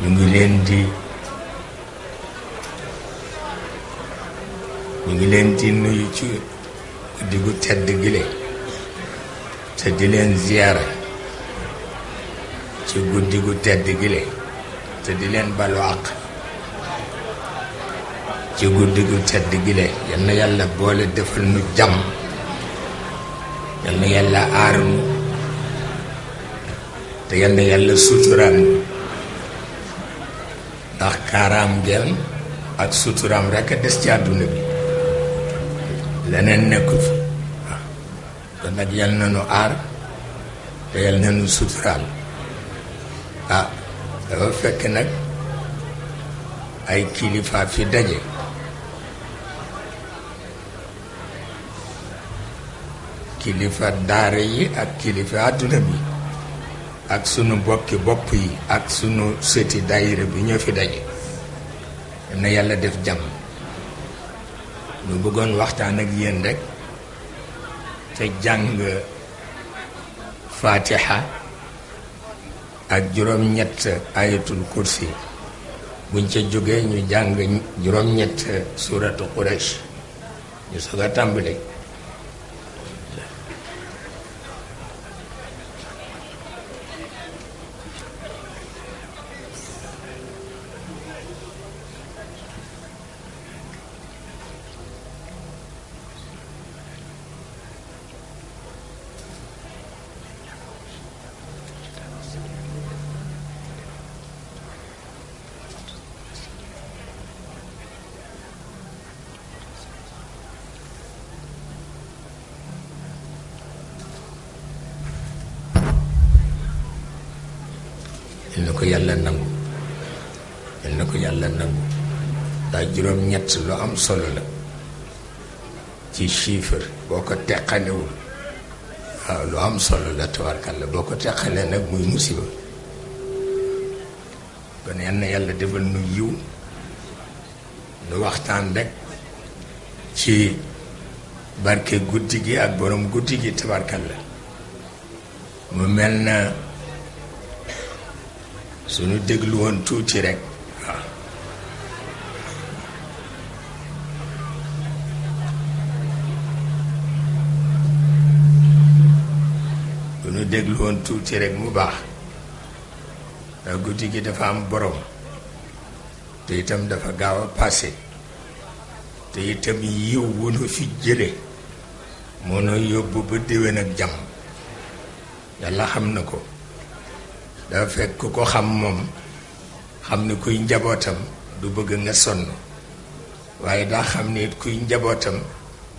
ñu ngi leen di ñu ngi leen di nuyu ci diggu tedd gile te di leen ziyaara ci guddi gu tedd gile te di leen balu ci guddi gu tedd gile yal na yàlla boole defal nu jàmm yal na yàlla aar nu te yal na yàlla suturaan kaaraam ngeen ak suturaam rek a des ci àdduna bi leneen nekkul fi waaw yal na nu aar te na nu suturaal ah dafa fekk nag ay kilifa fi daje kilifa daara yi ak kilifa àdduna bi ak sunu bokki bopp yi ak sunu sëti daayira bi ñoo fi daje yam na yàlla def jàmm lu bëggoon waxtaan ak yéen rek te jàng fatiha ak juróom-ñett ayatul kursi buñ ca jógee ñu jàng juróom-ñett suratu quraish ñu soog a tàmbali ko yàlla nangu yal na ko yàlla nangu ndax juróom-ñett lu am solo la ci chiffre boo ko teqalewul waaw lu am solo la tabarkalla boo ko teqalee nag muy musiba kon yal yàlla defal nu yiw nu waxtaan rek ci barke guddi gi ak borom guddi gi tabarkalla mu mel na suñu déglu woon tuuti rekk waaw suñu déglu woon tuuti rekk mu baax ndax guddi gi dafa am borom te itam dafa gaaw a passé te itam yiw wunu fi jële moo noo yóbbu ba déwén ak jàmm yàlla xam na ko dafa fekk ku ko xam moom xam ni kuy njabootam du bëgg nga sonn waaye daa xam ni kuy njabootam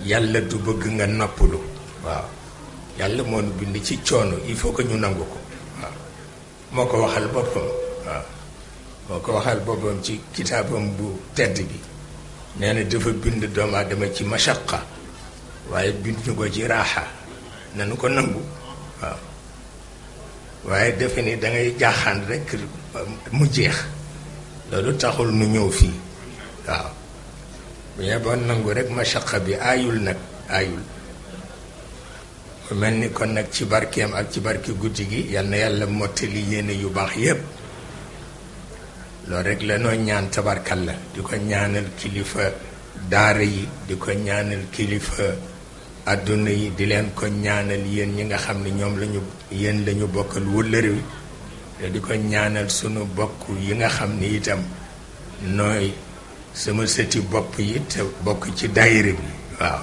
yàlla du bëgg nga noppalu waaw yàlla moo nu bind ci coono il faut que ñu nangu ko waaw moo ko waxal boppam waaw moo ko waxal boppam ci kitaabam bu tedd bi nee na dafa bind doomu aadama ci mashaqa waaye bind ñu ko ci raaxa nanu ko nangu waaw waaye defe ni dangay jaaxaan rekk mu jeex loolu taxul nu ñëw fii waaw bu yeboon nangu rekk machaqa bi ayul nag ayul mu mel ni kon nag ci barkeem ak ci barke guddi gi yal yàlla mottali yéene yu baax yépp loolu rekk la noo ñaan tabarkal la di ko ñaanal kilifa daara yi di ko ñaanal kilifa àdduna yi di leen ko ñaanal yéen ñi nga xam ne ñoom lañu yéen lañu bokkal wëllëre wi te di ko ñaanal sunu bokk yi nga xam ni itam nooy sama sëti bopp yi te bokk ci daayira bi waaw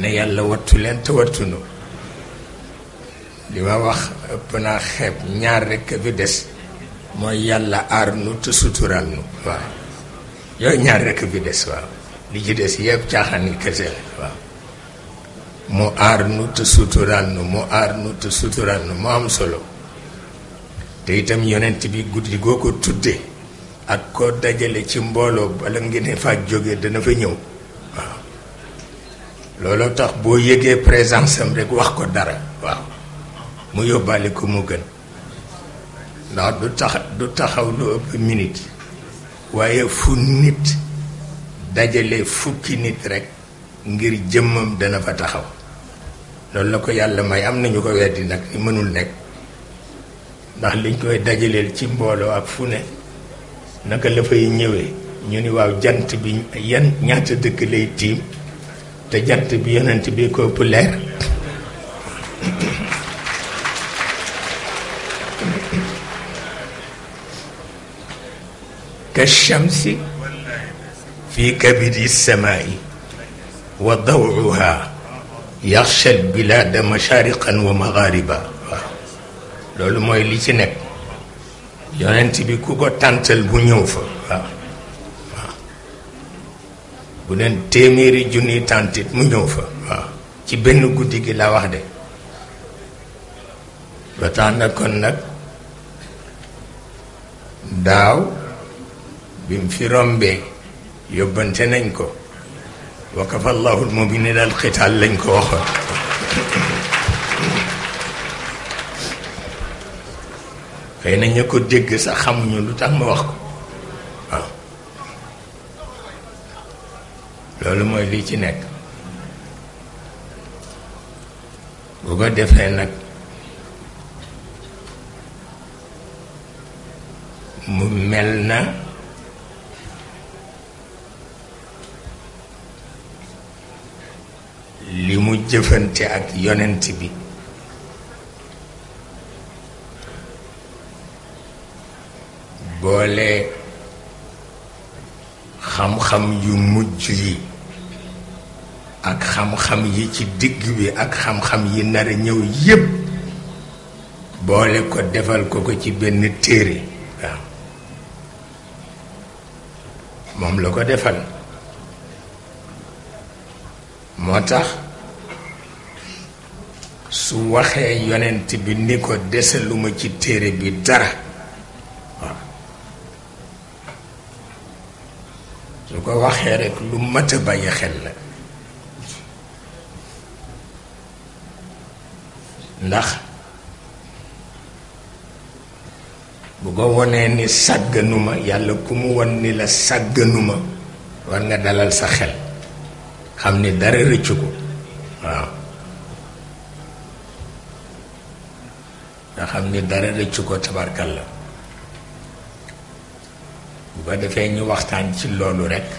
na yàlla wattu leen te li ma wax ëpp naa xeeb ñaar rekk bi des mooy yàlla aar nu te nu waaw yooyu ñaar rekk bi des waaw li ci des yëpp caaxaan ni waaw mu aar nu te nu mu aar nu te nu mu am solo te itam yonent bi guddi goo ko tudde ak ko dajale ci mbooloo bala ngeen fa jóge dana fa ñëw waaw looloo tax boo yëgee présence am rek wax ko dara waaw mu yóbbaale ko mu gën ndax du tax du taxaw lu ëpp minute waaye fu nit dajale fukki nit rek ngir jëmmam dana fa taxaw loolu la ko yàlla may am nañu ko weddi nag ni mënul nekk ndax liñ koy dajaleel ci mbooloo ak fu ne naka la fay ñëwee ñu ni waaw jant bi yan ñaata dëkk lay tiim te jant bi yonent bi ko ëpp leer ka shamsi fii kabidi samaa'i وضوعها يخشى البلاد مشارقا ومغاربا loolu mooy li ci nekk yonent bi ku ko tàntal bu ñëw fa waaw waaw bu leen téeméeri junni tàntit mu ñëw fa waaw ci benn guddi gi la wax de ba tax na kon nag daaw bi mu fi rombee yóbbante nañ ko وكفى الله المؤمنين القتال لنك وخر خينا نيكو ديغ سا خامو ني لوتا ما واخكو آه. لولو موي لي سي نيك بوغا ديفاي نك مو ملنا li mu jëfante ak yonent bi boole xam-xam yu mujj yi ak xam-xam yi ci digg bi ak xam-xam yi nar a ñëw yépp boole ko defal ko ko ci benn téere waaw moom la ko defal moo tax su waxee yonent bi ni ko desaluma ci téere bi dara waaw su ko waxee rekk lu mat a bàyyi xel la ndax bu ko wonee ni sàgganuma yàlla ku mu won ni la sàgganuma war nga dalal sa xel xam ni dara rëccu ko waaw nga xam ni dara rëccu ko tabarkal la bu ko defee ñu waxtaan ci loolu rekk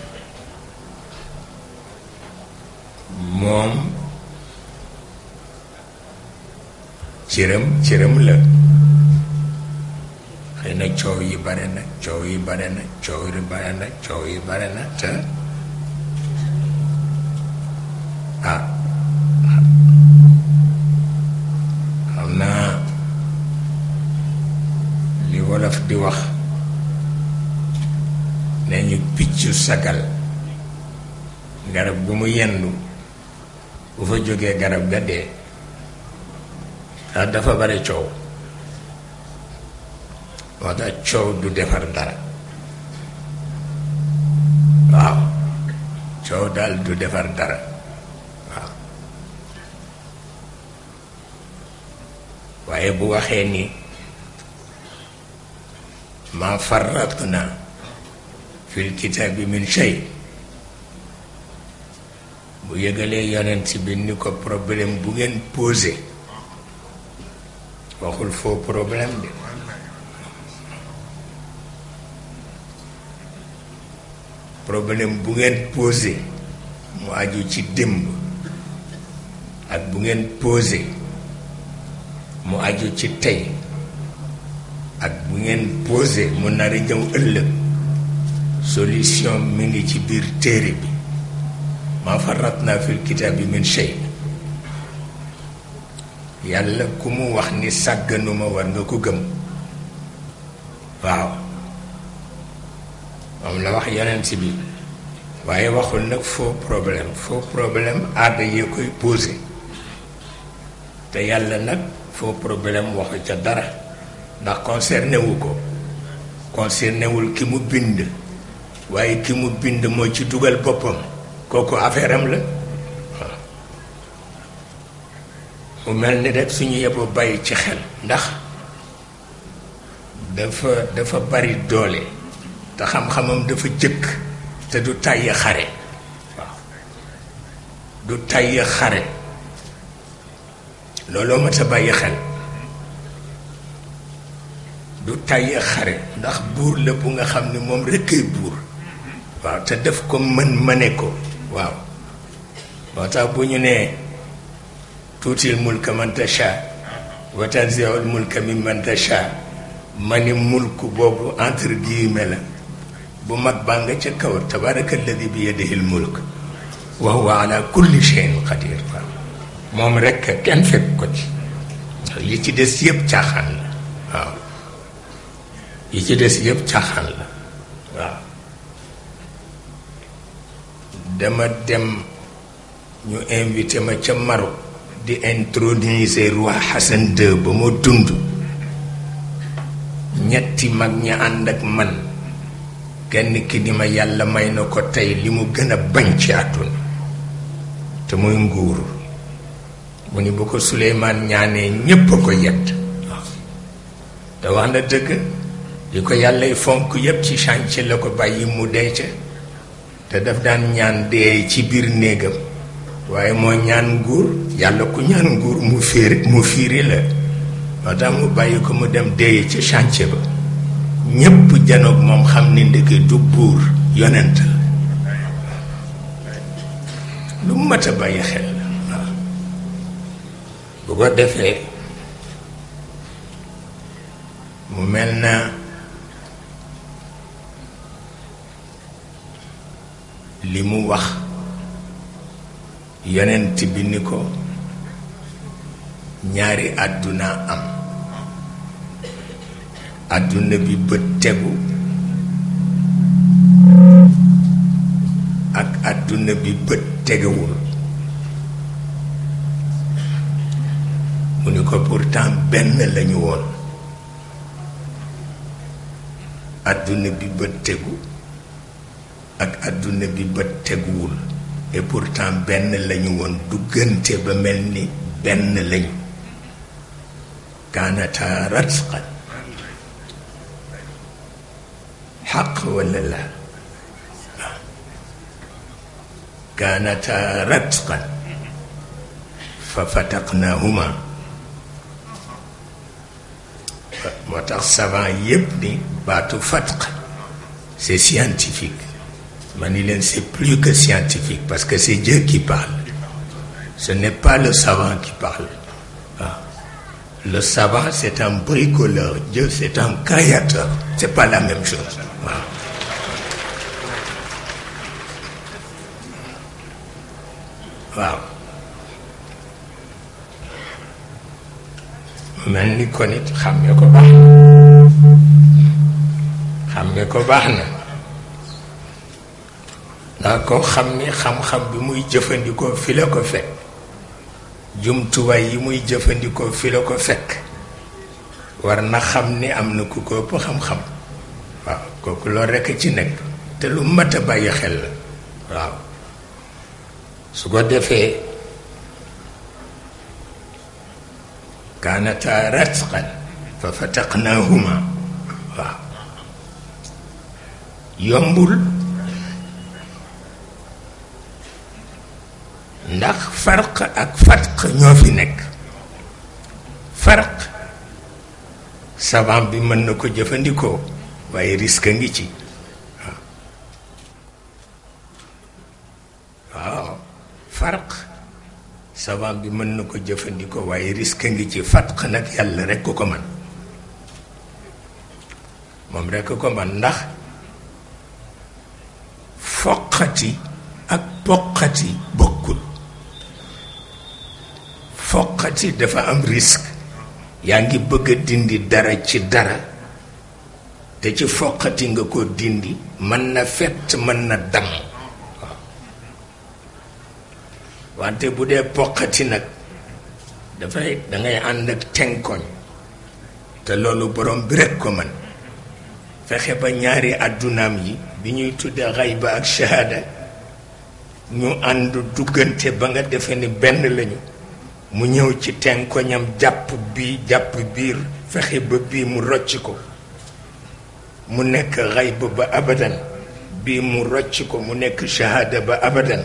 moom cëram cëram la xëy na coow yi bare na coow yi bare na coow yi bare na coow yi bare na te ah xam naa li wolof di wax ne ñu piccu sagal garab gu mu yendu bu fa jógee garab ga dee ndax ah, dafa bare coow moo tax coow du defar dara waaw coow daal du defar dara waaye bu waxee ni ma farratna fil kitaabi min shay bu yëgalee yonent bi ni ko problème bu ngeen pose waxul faux problème bi problème bu ngeen posé mu aju ci démb ak bu ngeen posé mu aju ci tey ak bu ngeen posé mu nar a ñëw ëllëg solution mi ngi ci biir téere bi ma farat naa fil kitaab bi min shay yàlla ku mu wax ni sàgganuma war nga ko gëm waaw moom la wax yonent bi waaye waxul nag faux problème faux problème aada yee koy posé te yàlla nag foo problème waxu ca dara ndax concerné wu ko concerné wul ki mu bind waaye ki mu bind moo ci dugal boppam kooku affaire am la mu mel ni rek suñu yeboo bàyyi ci xel ndax dafa dafa bari doole te xam-xamam dafa jëkk te du tàyyi xare waaw du tàyyi xare لولو ما تبايي خل دو تايي خاري داخ بور لا بوغا خامني موم ركاي بور واو تا داف كو من منيكو واو واتا بو ني ني توتي الملك من تشاء وتنزع الملك ممن تشاء من الملك بوبو انتر دي ملا بو ماك بانغا تشا تبارك الذي بيده الملك وهو على كل شيء قدير واو. moom rekk kenn fekk ko ci li ci des yépp caaxaan la waaw li ci des yépp caaxaan la waaw dama dem ñu invité ma ca maro di introniser roi Hassan II ba mu dund ñetti mag ñi ànd ak man kenn ki ni yàlla may na ko tey li mu gën a bañ ci àdduna te muy nguuru mu ni bu ko suleymaan ñaanee ñépp a ko yedd waaw te wax na dëgg li ko yàllay fonk yépp ci chantier la ko bàyyi mu dee ca te daf daan ñaan dee ci biir néegam waaye moo ñaan nguur yàlla ku ñaan nguur mu fiir mu fiiri la moo tax mu bàyyi ko mu dem dee ci chantier ba ñépp janoog moom xam ni ndeke du buur yonent la lu mat a bàyyi xel bu ko defee mu mel na li mu wax yonent bi ni ko ñaari àdduna am àdduna bi bët tegu ak àdduna bi bët tegewul ko pourtant benn lañu woon àdduna bi ba tegu ak àdduna bi ba teguwul et pourtant benn lañu woon duggante ba mel ni benn lañu kaanataa ratqan xaq walla laa kaanataa ratqan fa fataqnaahuma c'est scientifique mais c'est plus que scientifique parce que c'est Dieu qui parle ce n'est pas le savant qui parle ah. le savant c'est un bricoleur Dieu c'est un créateur c'est pas la même chose ah. mel ni ko nit xam nga ko baax na xam nga ko baax na ndax koo xam ni xam-xam bi muy jëfandikoo fi la ko fekk jumtuwaay yi muy jëfandikoo fi la ko fekk war na xam ni am na ku ko ëpp xam-xam waaw kooku loolu rekk ci nekk te lu mat a bàyyi xel la waaw su ko defee kaanataa ratqan fa fataqnaahuma waaw yombul ndax farq ak farq ñoo fi nekk farq savant bi mën na ko jëfandikoo waaye risque a ngi ci waaw farq savant gi mën na ko jëfandikoo waaye risk a ngi ci fatq nag yàlla rekk ko ko man moom rek ko man ndax foqati ak poqati bokkul foqati dafa am risque yaa ngi bëgg dindi dara ci dara te ci foqati nga ko dindi mën na fett mën na damm wante bu dee poqati nag dafay dangay ànd ak tenkoñ te loolu borom bi rekk ko man fexe ba ñaari àddunaam yi bi ñuy tuddee xayba ak shahada ñu ànd duggante ba nga defe ni benn lañu mu ñëw ci tenkoñam jàpp bii jàpp biir fexe ba bii mu rocc ko mu nekk xayba ba abadan bii mu rocc ko mu nekk shahada ba abadan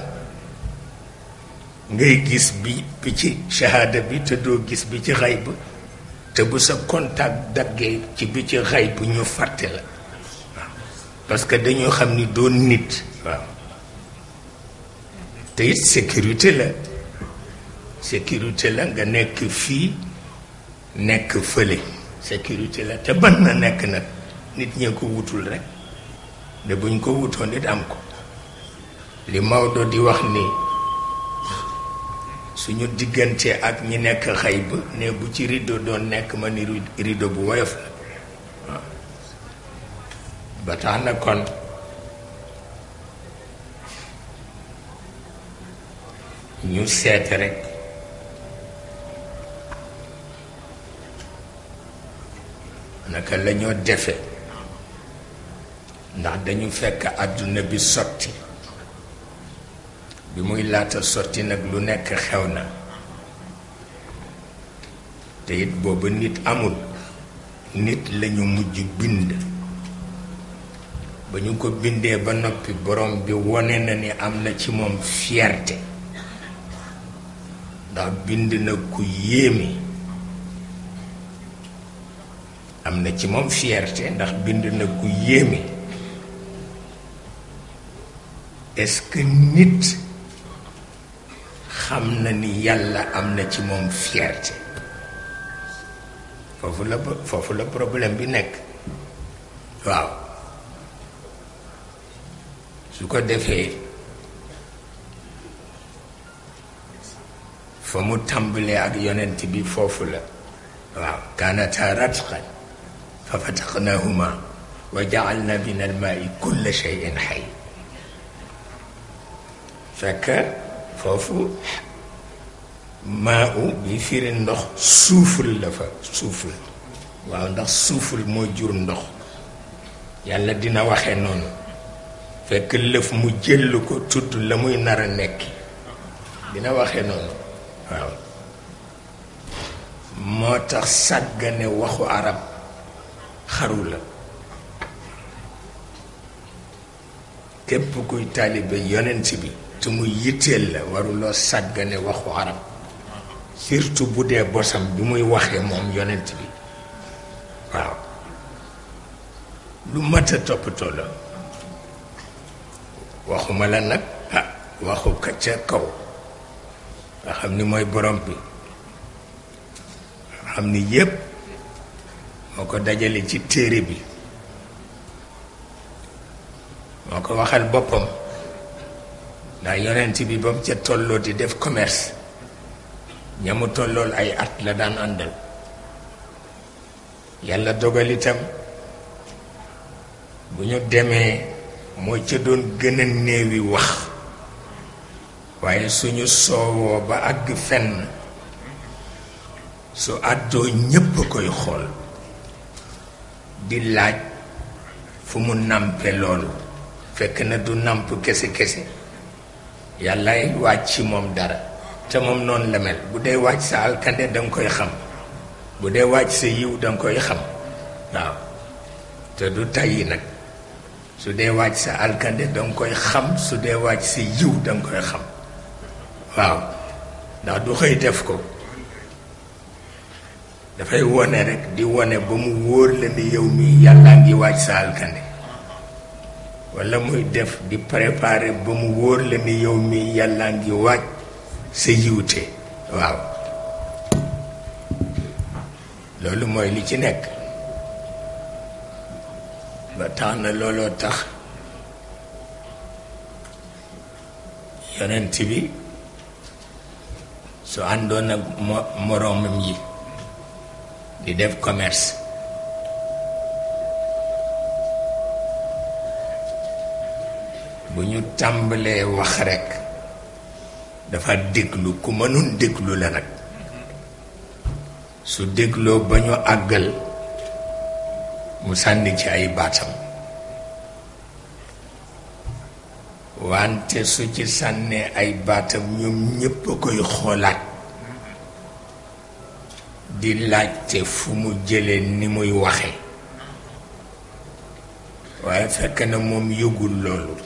ngay gis bi bi ci shahada bi te doo gis bi ci xay ba te bu sa contact daggee ci bi ci xay bu ñu fàtte la parce que dañoo xam ni doon nit waaw te it sécurité la sécurité la nga nekk fii nekk fële sécurité la te ban na nekk nag nit ñee ko wutul rek ne buñ ko wutoon it am ko li Maodo di wax ni suñu diggante ak ñi nekk xëy ba ne bu ci rideau doon nekk ma ni rideau bu woyof la ba tax na kon ñu seet rekk naka la defe ndax dañu fekk àdduna bi sotti bi muy laata sotti nag lu nekk xew na te it booba nit amul nit lañu mujj bind ba ñu ko bindee ba noppi borom bi wone na ni am na ci moom fierté ndax bind na ku yéeme am na ci moom fierté ndax bind na ku yéeme est-ce nit xam na ni yàlla am na ci moom fierté foofu la foofu la problème bi nekk waaw su ko defee fa mu tàmbalee ak yonent bi foofu la waaw kaanata ratqan fa fataqnahuma wa jaalna min almaai kulla cheyin xay fekk foofu maa u bi firi ndox suuful la fa suuful waaw ndax suuful moo jur ndox yàlla dina waxe noonu fekk lëf mu jël ko tudd la muy nar a nekk dina waxe noonu waaw moo tax sàggane waxu arab xaru la képp kuy taalibe yonent bi te mu yitteel la waruloo sàggane waxu arab surtout bu dee bosam bi muy waxee moom yonent bi waaw lu mat a toppatoo la waxuma la nag waxu ka ca kaw nga xam ni mooy borom bi nga xam ni yépp moo ko dajale ci téere bi moo ko waxal boppam ndax yonent bi ba mu ca tolloo di def commerce ña mu tollool ay at la daan àndal yàlla dogal bu ñu demee moo ca doon gëna a néewi wax waaye suñu soowoo ba àgg fenn su àddoo ñépp koy xool di laaj fu mu nàmpe loolu fekk na du nàmp kese kese yàllaay wàcc ci moom dara te moom noonu la bu dee wàcc sa alkande danga koy xam bu dee wàcc sa yiw danga koy xam waaw te du tàyyi nag su dee wàcc sa alkande danga koy xam su dee wàcc sa yiw danga koy xam waaw ndax du xëy def ko dafay wone rek di wone ba mu wóor la ni yow mi yàlla ngi wàcc sa alkande wala muy def di préparer ba mu wóor la ni yow mi yàllaa ngi waaj sa yiwte waaw loolu mooy li ci nekk ba tax na looloo tax yonent bi su àndoon ak moroomam yi di def commerce bu ñu tàmbalee wax rekk dafa déglu ku mënul déglu la nag su dégloo ba ñu àggal mu sànni ci ay baatam wante su ci sànnee ay baatam ñoom ñépp a koy xoolaat di laajte fu mu jëlee ni muy waxe waaye fekk na moom yëgul loolu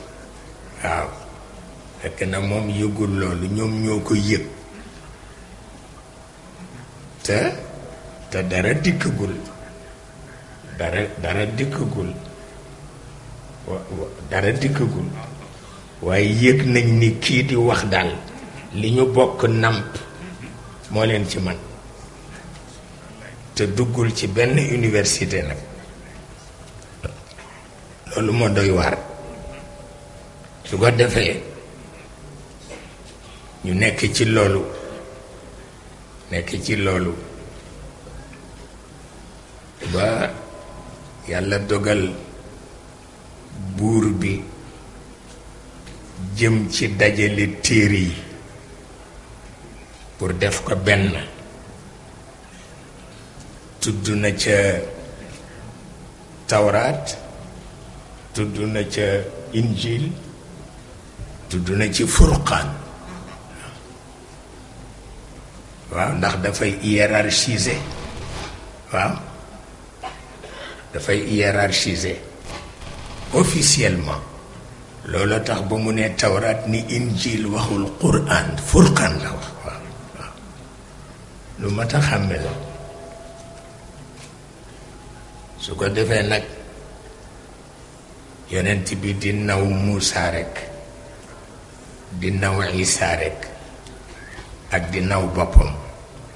waaw fekk na moom yëgul loolu ñoom ñoo ko yëg te te dara dikkagul dara dikkagul waaye yëg nañ ni kii di wax daal li ñu bokk namp moo leen ci man te duggul ci benn université nag loolu moo doy waar su ko defee ñu nekk ci loolu nekk ci loolu ba yàlla dogal buur bi jëm ci dajale téere yi pour def ko benn tudd na ca tawraat tudd na ca injil تدنا شي فرقان واو ناخ دا فاي ايرارشيزي واو دا فاي ايرارشيزي اوفيسيلمون لولا تخ بو موني تورات ني انجيل واخو القران فرقان لا لو متا خامل سوكو ديفه نك يونتي بي دي موسى رك di naw isaa rek ak di naw boppam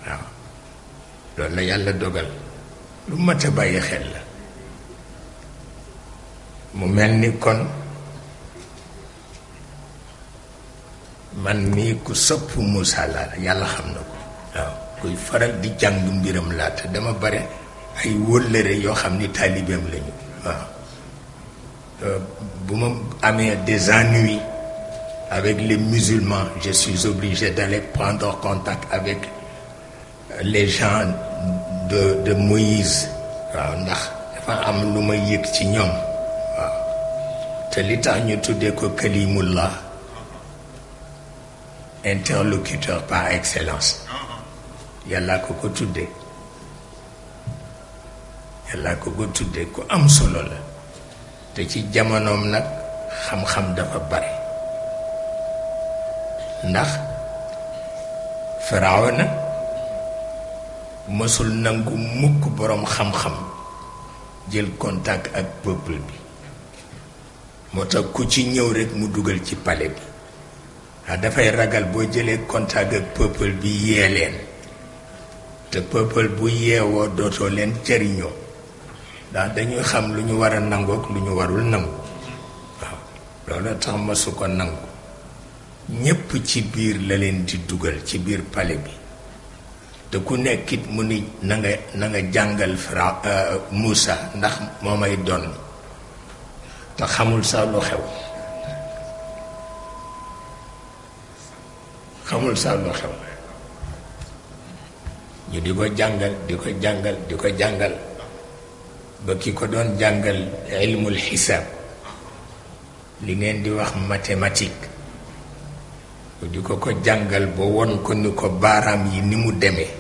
waaw loolu la yàlla dogal lu mat a bàyyi xel la mu mel ni kon man mii ku sopp Moussa laa la yàlla xam na ko waaw kuy faral di jàng mbiram laa te dama bare ay wëllëre yoo xam ni taalibeem lañu waaw bu ma amee des ennuis avec les musulmans, je suis obligé d'aller prendre contact avec euh, les gens de, de Moïse. waaw ndax dafa am lu ma yëg ci ñoom waaw te li tax ñu tuddee ko kalimullah interlocuteur par excellence yàlla ko ko tuddee yàlla ko ko tuddee ku am solo la te ci jamonoom nag xam-xam dafa bare ndax na mësul nangu mukk boroom xam-xam jël contact ak peuple bi moo tax ku ci ñëw rekk mu dugal ci pale bi ndax dafay ragal boo jëlee contact ak peuple bi yee leen te peuple bu yeewoo dootoo leen jëriñoo ndax dañuy xam lu ñu war a nangu ak lu ñu warul nangu waaw loolu tax ma ko nangu ñepp ci biir la leen di dugal ci biir pale bi te ku nekkit mu ni na nga na nga jàngal fra euh, Moussa ndax moo may don te xamul sa lu xew xamul sa lu xew ñu di ko jàngal di ko jàngal di ko jàngal ba ki ko doon jàngal ilmul xisaab li ngeen di wax mathématique di ko ko jàngal ba won ko ni ko baaraam yi ni mu demee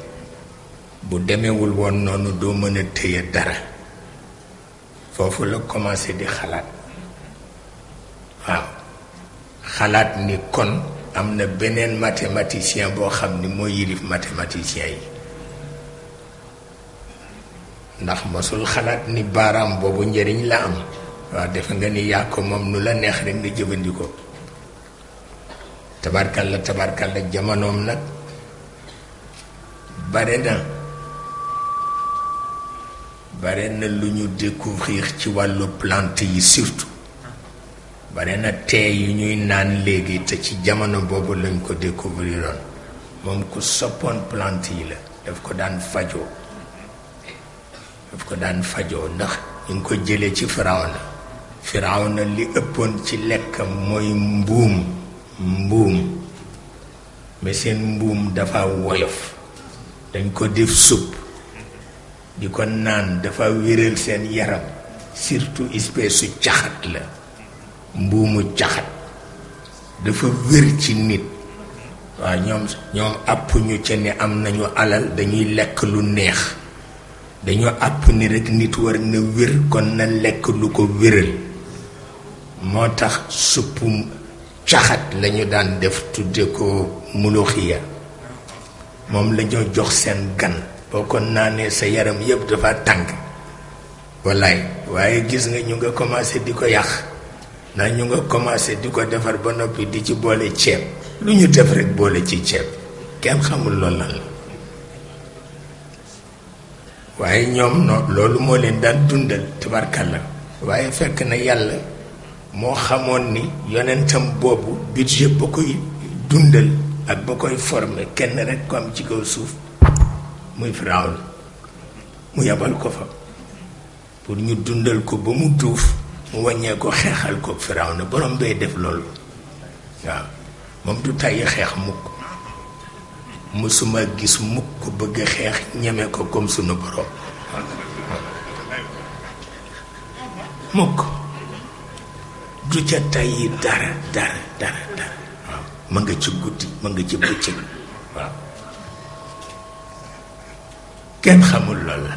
bu demewul woon noonu doo mën a téye dara foofu la commencé di xalaat waaw xalaat ni kon am na beneen mathématicien boo xam ni moo yilif mathématicien yi ndax mosul xalaat ni baaraam boobu njëriñ la am waa defe nga ni yaa ko moom nu la neex rek nga jëfandikoo tabarkal la tabarkal la jamonoom nag bare na bare na lu ñu découvrir ci wàllu plante yi surtout bare na tee yu ñuy naan léegi te ci jamono boobu lañ ko découvriroon moom ku soppoon plante yi la daf ko daan fajoo daf ko daan fajoo ndax ñu ngi ko jëlee ci Firawna na li ëppoon ci lekkam mooy mbuum mbuum mais seen mbuum dafa woyof dañ ko def supp di ko naan dafa wéral seen yaram sirtu espèce su caxat la mbuumu caxat dafa wér ci nit waaw ñoom ñoom àpp ñu ca ne am nañu alal dañuy lekk lu neex dañu àpp ni rekk nit war na wér kon na lekk lu ko wéral moo tax suppu caxat lañu daan def tudde ko muluxiya moom lañoo jox seen gan boo naa ne sa yaram yëpp dafa tàng wallaay waaye gis nga ñu nga commencé di ko yàq na ñu nga commencé di ko defar ba noppi di ci boole ceeb lu ñu def rek boole ci ceeb kenn xamul loolu lan la waaye ñoom no loolu moo leen daan dundal tabarkalla waaye fekk na yàlla moo xamoon ni yonentam boobu budget ba koy dundal ak ba koy former kenn rek ko am ci kaw suuf muy Firawna mu yabal ko fa pour ñu dundal ko ba mu duuf mu wàññee ko xeexal ko Firawna borom bay def loolu waaw moom du tàyyi xeex mukk suma gis mukk bëgg xeex ñeme ko kom sunu borom mukk du ca tayyi dara dara dara dara waaw ma nga ci guddi ma nga ci bëccëg waaw kenn xamul lool la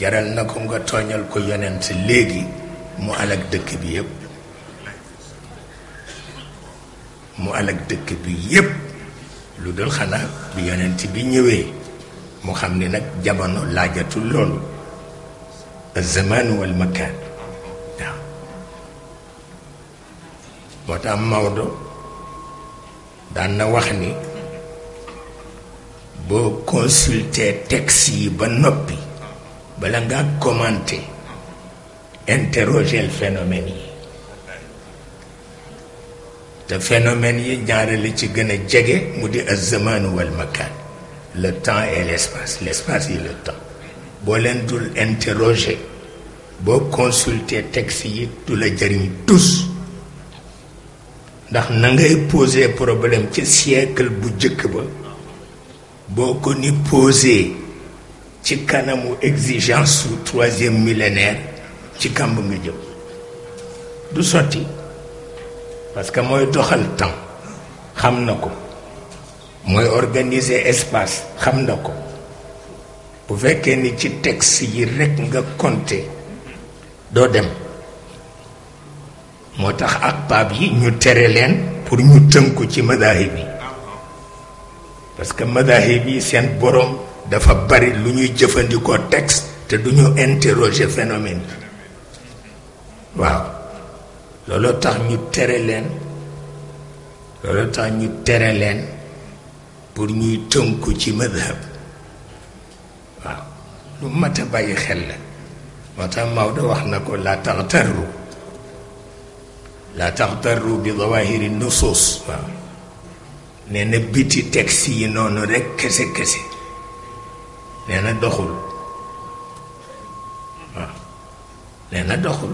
jaral na ko nga tooñal ko yonent léegi mu alak dëkk bi yépp mu alak dëkk bi yépp lu dul xanaa bi yonent bi ñëwee mu xam ni nag jamono laajatul loolu الزمان والمكان moo tax Maodo daan na wax ni boo consulter texte yi ba noppi bala nga commenter interroger le phénomène yi te phénomène yi ñaare li ci gën a jege mu di az-zaman wal makan le temps et l'espace l'espace et le temps boo leen dul interroger boo consulter texte yi du la jëriñ tous ndax na ngay poser problème ci siècle bu jëkk ba boo ko ni poser ci kanamu exigence su troisième millénaire ci kàmb nga jëm du sotti parce que mooy doxal temps xam na ko mooy organiser espace xam na ko bu fekkee ni ci texte yi rek nga compter doo dem motax ak bab yi ñu tere len pour ñu tënku ci madahibi parce que madahibi sen borom dafa bari lu ñuy jëfëndiko texte te duñu interroger phénomène waaw lolo tax ñu tere len lolo tax ñu tere len pour ñuy tënku ci madhab waaw lu mata a bàyyi xel la motax tax Maodo wax na ko laa tax لا تغتروا بظواهر النصوص نانا بيتي تاكسي نانا رك كسي كسي نانا دخل نانا دخل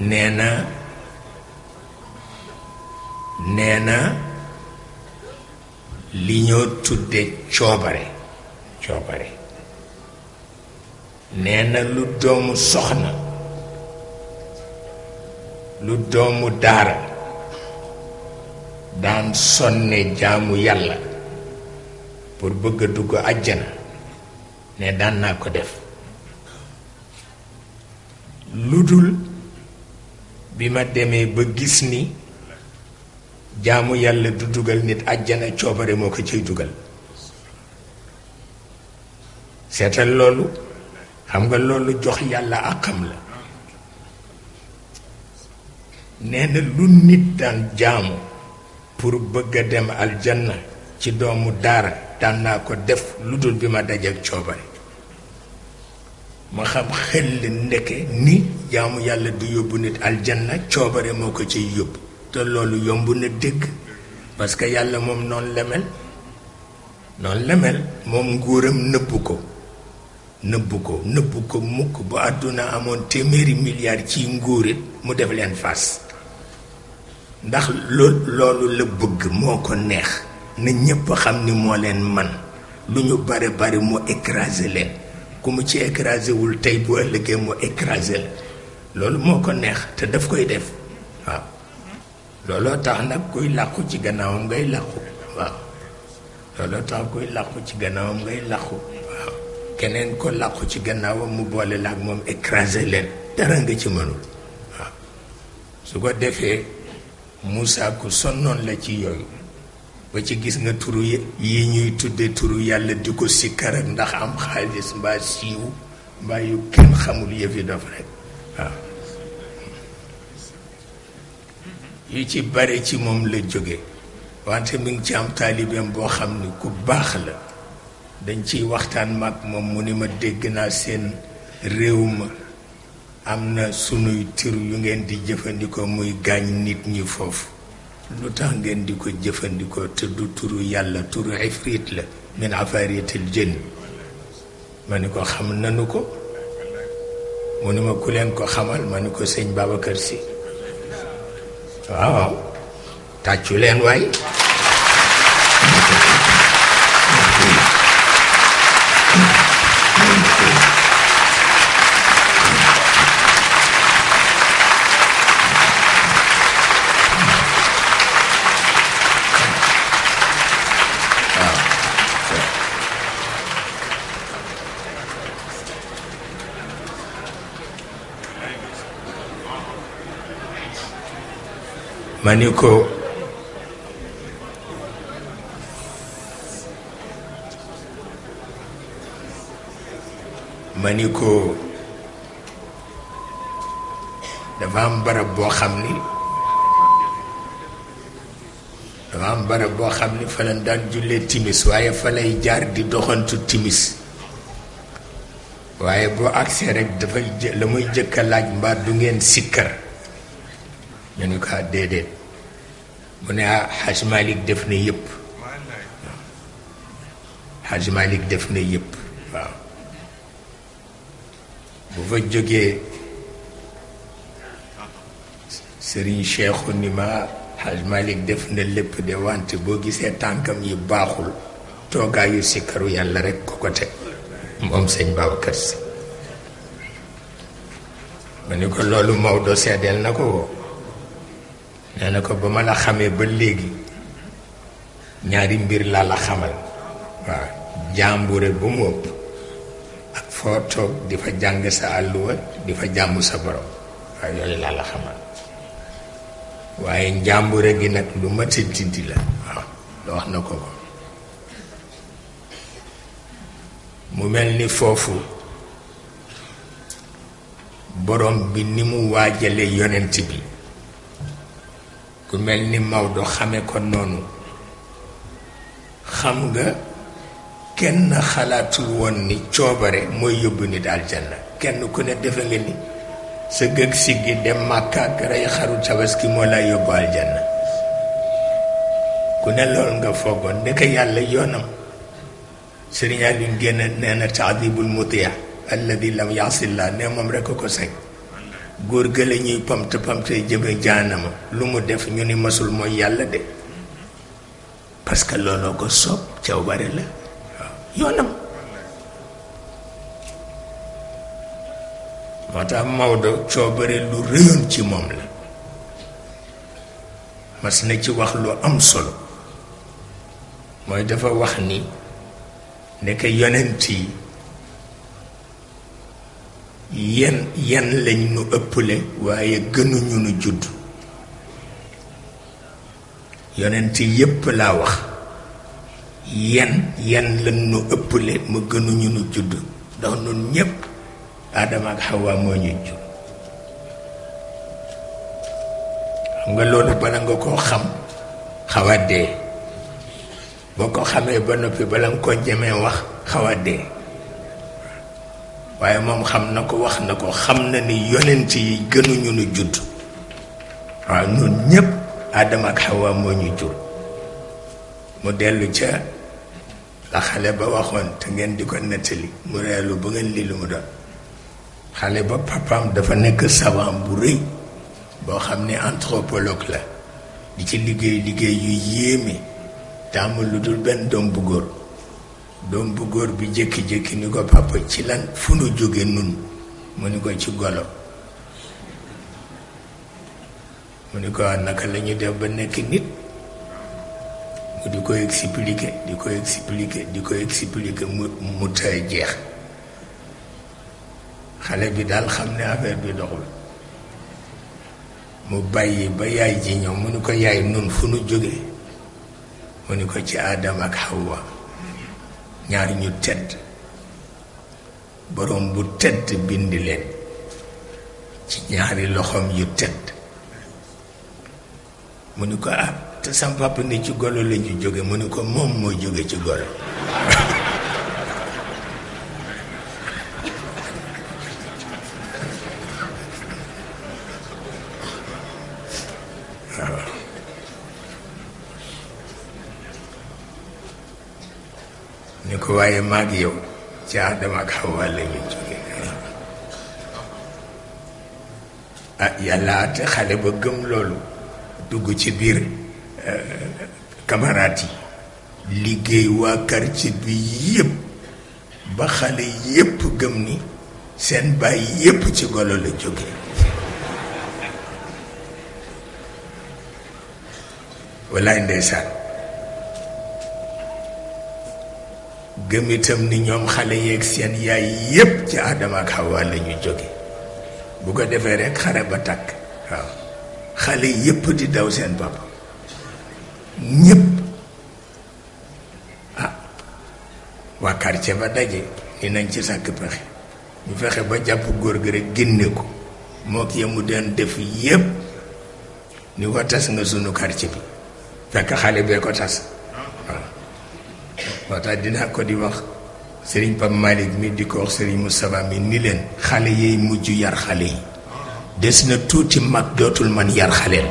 نانا نانا لينيو تودي چوباري چوباري نانا لدوم سخنا lu doomu daara daan sonne jaamu yàlla pour bëgg a dugg àjjana ne daan naa ko def lu dul bi ma demee ba gis ni jaamu yàlla du dugal nit àjjana coobare moo ko ciy dugal seetal loolu xam nga loolu jox yàlla àqam la nee na lu nit daan jaamu pour bëgg a dem aljanna ci doomu daara daan naa ko def lu dul bi ma dajeek coobare ma xam xel ndeke ni jaamu yàlla du yóbbu nit aljanna coobare moo ko ciy yóbbu te loolu yomb na dégg parce que yàlla moom noonu la mel noonu moom nguuram nëbbu ko nëbbu ko nëbbu ko mukk bu àdduna amoon téeméeri milliards ciy nguurit mu def leen face ndax lool loolu la bëgg moo ko neex na ñépp xam ni moo leen man lu ñu bare bari mu écrasé leen ku mu ci écrasé wul tey bu ëllëgee mu écrasé la loolu moo ko neex te daf koy def waaw looloo tax nag kuy làqu ci gannaawam ngay làqu waaw looloo tax kuy làqu ci gannaawam ngay làqu waaw keneen ko làqu ci gannaawam mu boole la ak moom écrasé leen dara nga ci mënul su ko defee Moussa ku sonnoon la ci yooyu ba ci gis nga turu yi ñuy tuddee turu yàlla di ko sikkar ak ndax am xaalis mbaa siiw mbaa yu kenn xamul yëfi dof rek waaw ci bare ci moom la jóge wante mi ngi ci am taalibeem boo xam ni ku baax la dañ ciy waxtaan mag moom mu ni ma dégg naa seen réew ma am na sunuy tur yu ngeen di jëfandikoo muy gaañ nit ñi foofu lu tax ngeen di ko jëfandikoo te du turu yàlla turu ifrit la min afaritil jën ma ni ko xam nanu ko mu ni ma ku leen ko xamal ma ni ko sëñ kër Si waaw tàccu leen waay ma ni ko ma ni ko dafa am barab boo xam ni dafa am barab boo xam ni fa lañ daan jullee timis waaye fa lay jaar di doxantu timis waaye boo agsee rek dafay la muy jëkka laaj mbaa du ngeen sikkar ñu ne ko déedéet mu ne ah def na yëpp Hadj Malick def na yëpp waaw bu fa jógee Serigne Cheikhu ni ma Hadj def na lépp de wante boo gisee tànkam yi baaxul toogaayu sikkaru yàlla rek ko ko teg moom sëñ Babacar Si ma ni ko loolu Maodo seddeel na ko nee na ko ba ma la xamee ba léegi ñaari mbir laa la xamal waaw jàmbure ba mu ak foo di fa jàng sa àlluwa di fa jàmbu sa borom waaw yooyu laa la xamal waaye njàmbure gi nag lu ma tintinti la waaw la wax na ko ko mu mel ni foofu borom bi ni mu waajale yonent bi ku mel ni Maodo xame ko noonu xam nga kenn xalaatul woon ni coobare mooy yóbbu nit aljanna kenn ku ne defe nga ni sa gëg siggi dem Màkka ak rey xaru tabaski moo lay yóbbu aljanna ku ne lool nga foogoon ndeke yàlla yoonam sëriñ Aliou génn nee na taadibul mutiya alladi lam yasillah ne moom rekk ko sañ góor gële ñuy pamte pamte jëme jaanama lu mu def ñu ni masul mooy yàlla de parce que looloo ko soob caw bare la waaw yoonam moo tax Maodo coobare lu réyoon ci moom la mas na ci wax lu am solo mooy dafa wax ni nekk yonent yi yen yen lañ ëpple waaye gënuñu nu judd yonent yépp laa wax yen yen lañ nu ëpple ma gënuñu nu judd ndax nun ñépp Aadama ak Hawa moo ñu xam nga loolu bala nga koo xam xawa boo ko xamee ba noppi bala nga ko jëmee wax xawa waaye moom xam na ko wax na ko xam na ni yonent yi gënuñu nu juddu waaw ñun ñépp Adama ak Hawa moo ñu jur mu dellu ca la xale ba waxoon te ngeen di ko nettali mu reelu ba ngeen lii lu mu doon xale ba papaam dafa nekk savant bu rëy boo xam ne anthropologue la di ci liggéey liggéey yu yéeme te amul lu dul benn doom bu góor doom bu góor bi jékki-jékki ni ko papa ci lan fu nu jóge nun mu ni ko ci golo mu ni ko ah, naka la ñu def ba nekk nit mu di ko expliquer di ko expliquer di ko expliquer mu mu tey jeex xale bi daal xam ne affaire bi doxul mu bàyyi ba yaay ji ñëw mu ni ko yaay nun fu nu jóge mu ni ko ci aadam ak xawwa ñaari ñu tedd boroom bu tedd bind leen ci ñaari loxoom yu tedd mu ni ko ah te sama ni ci golo la ñu jóge mu ni ko moom moo jóge ci golo waaye maag yow ci Aadama ak Xawwa la jóge ah yàlla te xale ba gëm loolu dugg ci biir eh, camarades yi liggéey waa quartier bi yépp ba xale yépp gëm ni seen baay yépp ci golo la jóge wallaay ndeysaan gëm itam ni ñoom xale yeeg seen yaay yépp ci Adama ak Hawa la ñu jóge bu ko defee rek xare ba tàkk waaw xale yépp di daw seen bopp ñépp ah waa quartier ba daje ni nañ ci sàkk pexe ñu fexe ba jàpp góor gi rek génne ko moo ki mu doon def yépp ni ko tas nga sunu quartier bi fekk xale bee ko tas moo tax dinaa ko di wax sëriñ Pape Malick mi di ko wax sëriñ Moustapha mi ni leen xale yey mujj yar xale yi des na tuuti mag dootul man yar xaleel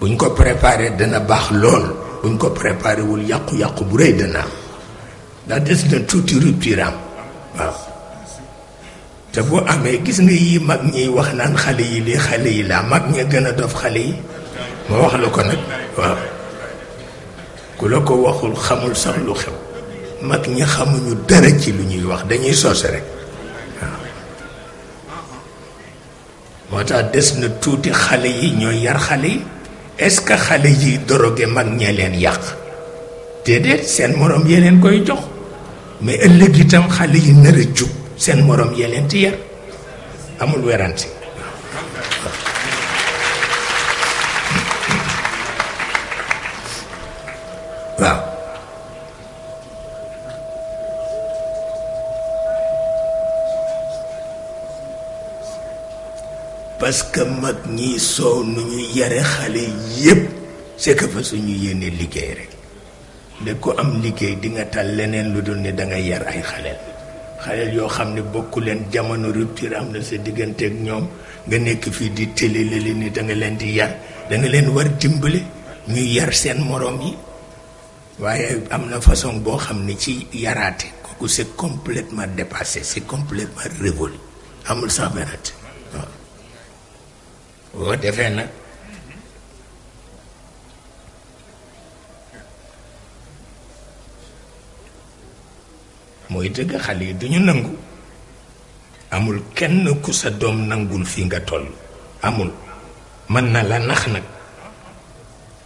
buñ ko préparé dana baax lool buñ ko préparé wul yàqu-yàqu bu rëy dana am ndax des na tuuti rupture am waaw te bu amee gis nga yi mag ñiy wax naan xale yi lii xale yi laa mag ña gën a dof xale yi ma wax la ko nag waaw ku la ko waxul xamul sax lu xew mag ñi xamuñu dara ci lu ñuy wax dañuy soose rek waaw moo tax des na tuuti xale yi ñooy yar xale yi est-ce que xale yi doroge mag ñee leen yàq déedéet seen moroom yee leen koy jox mais ëllëg itam xale yi nar a jub seen moroom yee leen ci yar amul werante waaw parce mag ñi soow nu ñu yare xale yépp c'est fa suñu yéene liggéey rek nde ku am liggéey di nga tal leneen lu dul ni dangay yar ay xaleel xaleel yoo xam ne bokku leen jamono rupture am na sa diggante ak ñoom nga nekk fii di télé li ni da leen di yar danga nga leen war dimbali ñuy yar seen moroom yi waaye am na façon boo xam ne ci yaraate kooku si complètement dépassé c'est complètement révolu amul sax benat waaw defee nag mooy dëgg xale yi duñu nangu amul kenn ku sa doom nangul fi nga toll amul mën na la nax nag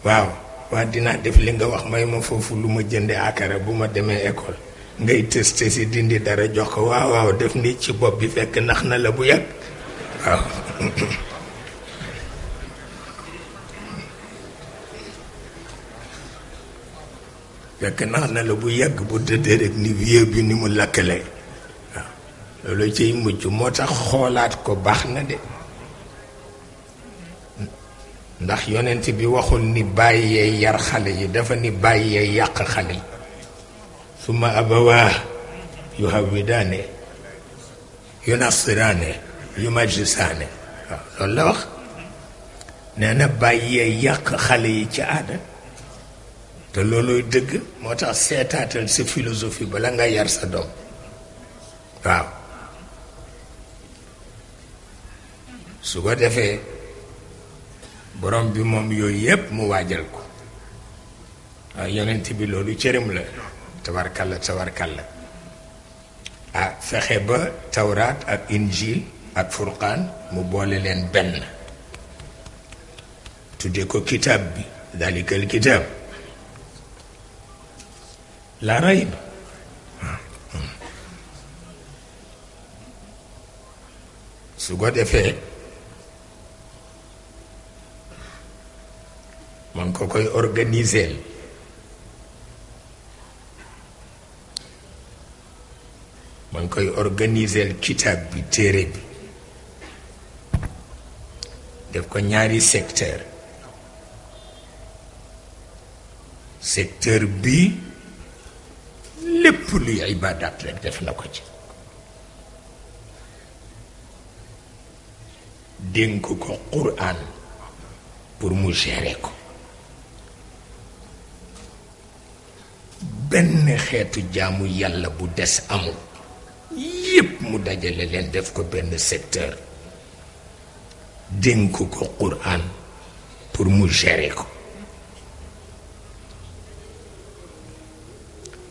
waaw waa dinaa def li nga wax may ma foofu lu ma jënde akara bu ma demee école ngay tës tësi dindi dara jox ko waaw waaw def ni ci bopp bi fekk nax na la bu yàgg waaw nax na bu yàgg bu dëddee rek ni vieux bi ni mu lakkale waaw loolu ciy mujj moo tax xoolaat ko baax na de ndax yonent bi waxul ni bàyyee yar xale yi dafa ni bàyyee yàq xale yi suma abawaa yuhawidaane yu yumajisaane waaw loolu la wax nee na bàyyee yàq xale yi ci aada te looluy dëgg moo tax seetaatal sa philosophie bala nga yar sa doom waaw su ko defee borom bi moom yooyu yépp mu waajal ko waaw yonent bi loolu cërëm la tabarkalla tabarkalla ah fexe ba tawraat ak injil ak furqaan mu boole leen benn tudde ko kitaab bi dalikal kitaab la rayb su ko defee ma ngi ko koy organiseel ma ngi koy organiseel kitaab bi téere bi def ko ñaari secteur secteur bi lépp luy ibaadaat rek def na ko ci dénk ko quraan pour mu gérer ko benn xeetu jaamu yàlla bu des amul yépp mu dajale leen def ko benn secteur dénk ko Qur'an pour mu gérer ko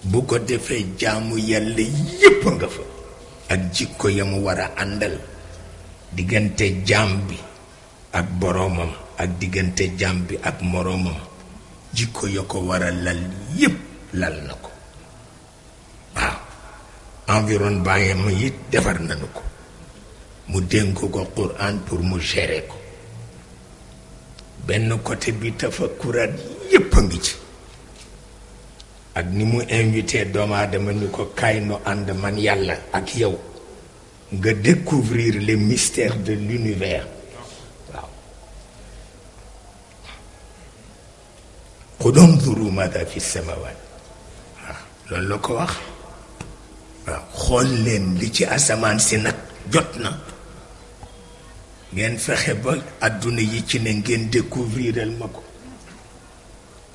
bu ko defee jaamu yàlla yépp nga fa ak jikko ya mu war a àndal diggante jaam bi ak boroomam ak diggante jaam bi ak moroomam jikko ya ko war a lal yépp lal na ko waaw environ bàyyi ma it defar nañu ko mu dénk ko Qur'an pour mu gérer ko benn côté bi tafakkuraat yépp a ngi ci ak ni mu invité doomu aadama ni ko kaay nu ànd man yàlla ak yow nga découvrir les mystères de l'univers waaw qul unzuru maada fi samawaat loolu la ko wax waaw xool leen li ci asamaan si nag jot na ngeen fexe ba àdduna yi ci ne ngeen découvriral ma ko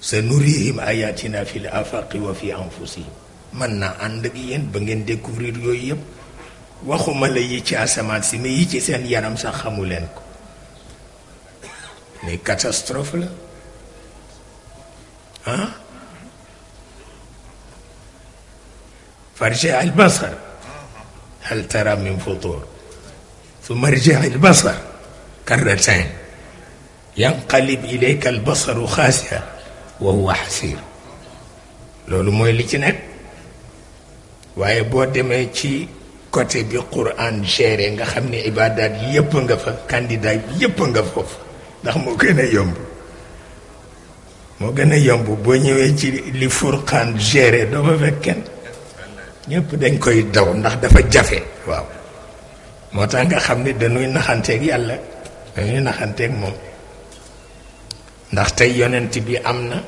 sa nurihim ayatina fi l afaqi wa fi anfusihim mën naa ànd ak yéen ba ngeen découvrir yooyu yëpp waxuma la yi ci asamaan si mais yi ci seen yaram sax xamu leen ko mais catastrophe la ah فارجع البصر هل ترى من فطور ثم ارجع البصر كرتين ينقلب إليك البصر خاسئا وهو حسير لولو موي لي تي نك واي بو ديمي تي كوتي بي قران جيري nga xamni ibadat yep nga fa candidat yep nga fof ndax mo gëna yomb mo gëna yomb bo ñëwé ci li furqan géré do fa fek ñépp dañ koy daw ndax dafa jafe waaw moo tax nga xam ne dañuy naxanteek yàlla dañuy naxanteeg moom ndax tey yonent bi am na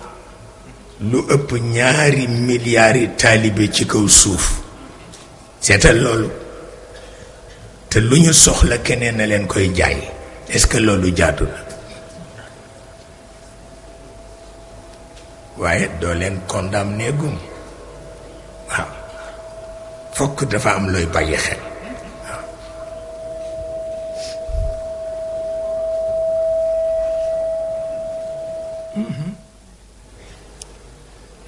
lu ëpp ñaari milliards yi taalibe ci kaw suuf seetal loolu te lu ñu soxla keneen na leen koy jaay est-ce loolu jaadu na waaye doo leen condamné néegum waaw fokk dafa am looy bàyyi xel waaw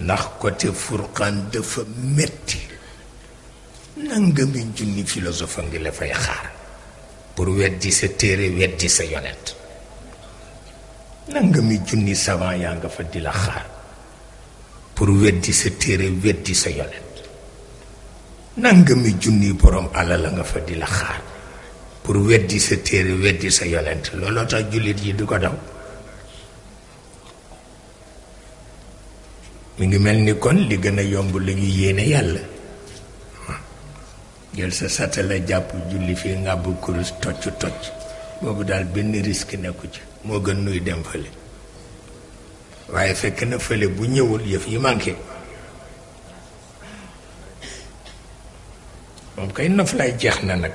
ndax côté furqaan dafa metti nangami junni philosophe a ngi la fay xaar pour weddi sa téere weddi sa yonent nangami junni savant yaa nga fa di la xaar pour weddi sa téere weddi sa yonent nangami junni boroom alal a nga fa di la xaar pour weddi sa téere weddi sa yonent looloo tax jullit yi du ko daw mu ngi mel ni kon li gën a yomb la ñu yéene yàlla jël sa satala jàpp julli fii ngàbb kurus tocc tocc boobu daal benn risque nekku ci moo gën nuy dem fële waaye fekk na fële bu ñëwul yëf yi manqué moom kay noflaay jeex na nag